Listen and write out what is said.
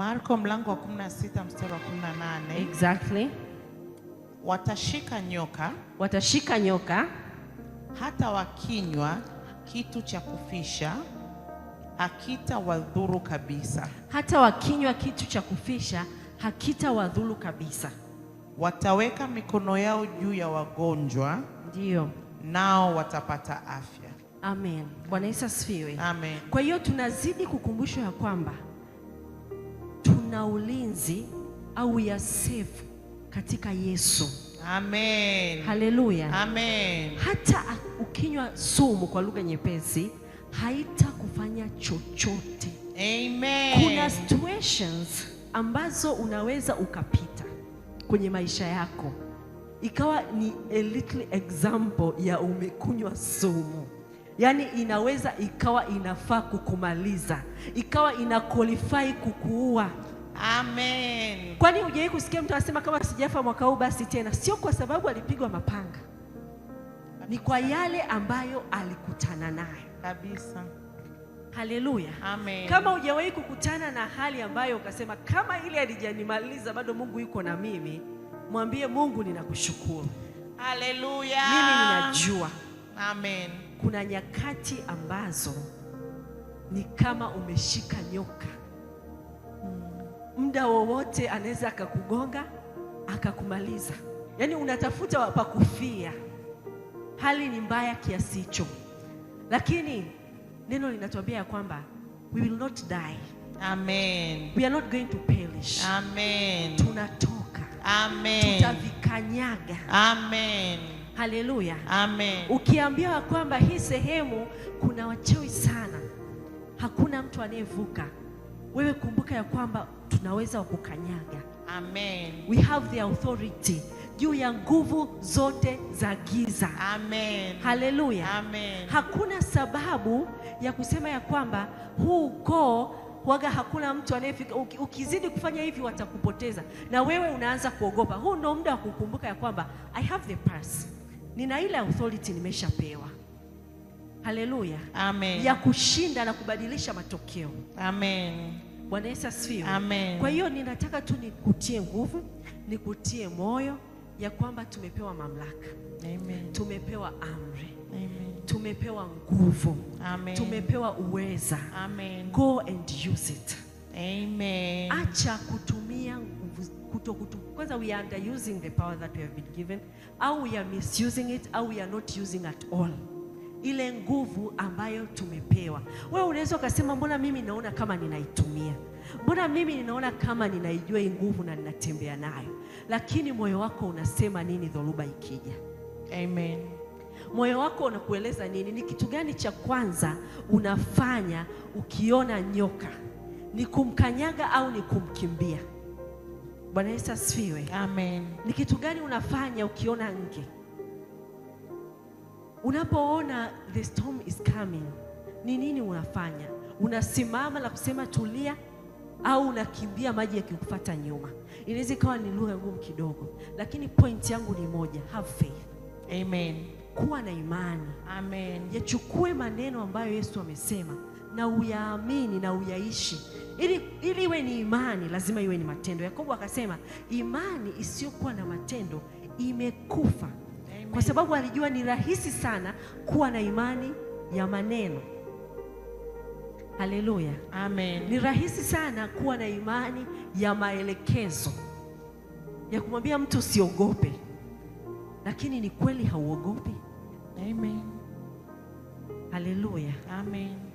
Marko mlango wa 16 mstari wa 18. Exactly. Watashika nyoka, watashika nyoka hata wakinywa kitu cha kufisha hakita wadhuru kabisa, hata wakinywa kitu cha kufisha hakita wadhuru kabisa. Wataweka mikono yao juu ya wagonjwa, ndio nao watapata afya. Amen. Bwana Yesu asifiwe. Amen. Kwa hiyo tunazidi kukumbushwa ya kwamba na ulinzi au ya safe katika Yesu. Amen. Haleluya. Amen. Hata ukinywa sumu kwa lugha nyepesi haitakufanya chochote. Amen. Kuna situations ambazo unaweza ukapita kwenye maisha yako ikawa ni a little example ya umekunywa sumu, yaani inaweza ikawa inafaa kukumaliza, ikawa ina qualify kukuua Amen. Kwani hujawahi kusikia mtu anasema kama sijafa mwaka huu basi tena? Sio kwa sababu alipigwa mapanga, ni kwa yale ambayo alikutana nayo kabisa. Haleluya, amen. Kama hujawahi kukutana na hali ambayo ukasema kama ile alijanimaliza bado Mungu yuko na mimi, mwambie Mungu, ninakushukuru. Haleluya, mimi ninajua. Amen. Kuna nyakati ambazo ni kama umeshika nyoka muda wowote anaweza akakugonga akakumaliza. Yaani unatafuta pa kufia, hali ni mbaya kiasi hicho, lakini neno linatuambia ya kwamba we will not die. Amen. We are not going to perish. Amen. Tunatoka. Amen. Tutavikanyaga. Amen. Haleluya. Amen. Ukiambiwa kwamba hii sehemu kuna wachawi sana, hakuna mtu anayevuka wewe kumbuka ya kwamba tunaweza wakukanyaga. Amen. We have the authority juu ya nguvu zote za giza. Amen. Haleluya. Amen. Hakuna sababu ya kusema ya kwamba huu ukoo waga, hakuna mtu anayefika. Ukizidi kufanya hivi watakupoteza, na wewe unaanza kuogopa. Huu ndio muda wa kukumbuka ya kwamba I have the pass, nina ile authority nimeshapewa. Haleluya, amen, ya kushinda na kubadilisha matokeo. Amen. Bwana Yesu asifiwe. Amen. Kwa hiyo ninataka tu nikutie nguvu, nikutie moyo ya kwamba tumepewa mamlaka. Amen. Tumepewa amri. Amen. Tumepewa nguvu. Amen. Tumepewa uweza. Amen. Go and use it. Amen. Acha kutumia nguvu kuto kutu, kwanza we are underusing the power that we have been given, au we are misusing it, au we are not using at all ile nguvu ambayo tumepewa. Wewe unaweza ukasema mbona mimi naona kama ninaitumia, mbona mimi ninaona kama ninaijua hii nguvu na ninatembea nayo, lakini moyo wako unasema nini dhoruba ikija? Amen. Moyo wako unakueleza nini? Ni kitu gani cha kwanza unafanya ukiona nyoka? Ni kumkanyaga au ni kumkimbia? Bwana Yesu asifiwe. Amen. Ni kitu gani unafanya ukiona nge? Unapoona the storm is coming, ni nini unafanya? Unasimama na kusema tulia, au unakimbia maji yakikufuata nyuma? Inaweza ikawa ni lugha ngumu kidogo, lakini point yangu ni moja, have faith. Amen. Kuwa na imani. Amen. Yachukue maneno ambayo Yesu amesema na uyaamini na uyaishi, ili ili iwe ni imani, lazima iwe ni matendo. Yakobo akasema imani isiyokuwa na matendo imekufa kwa sababu alijua ni rahisi sana kuwa na imani ya maneno. Haleluya, amen. Ni rahisi sana kuwa na imani ya maelekezo ya kumwambia mtu usiogope, lakini ni kweli hauogopi? Amen. Haleluya, amen.